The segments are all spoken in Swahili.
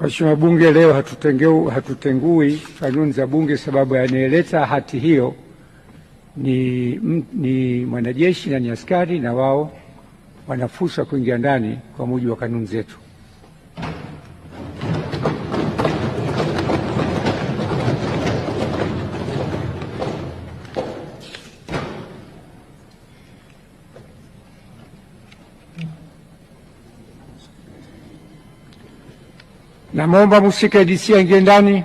Mheshimiwa Bunge, leo hatutengui, hatutengui kanuni za Bunge sababu anayeleta hati hiyo ni, ni mwanajeshi na ni askari na wao wana fursa kuingia ndani kwa mujibu wa kanuni zetu. Namwomba Musika Edisia aingie ndani.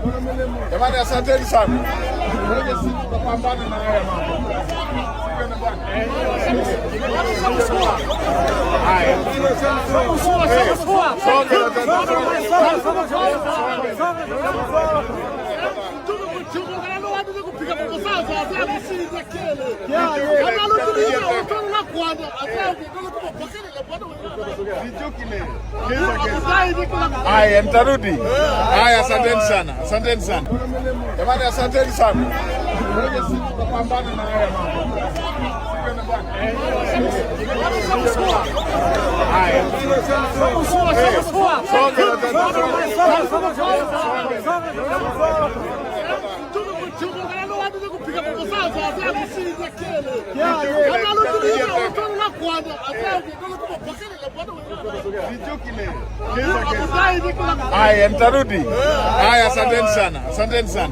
Jamani, asanteni sana. Tutapambana na haya mambo. Tuko kwa chungu, ndio kupiga kwa sasa, hata msingi yake. Yeah, yeah. Kama leo ndio Haya, mtarudi. Haya, asanteni sana, asanteni sana jamani, asanteni sana. Pambana na haya mambo Haya, mtarudi. Haya, asanteni sana, asanteni sana.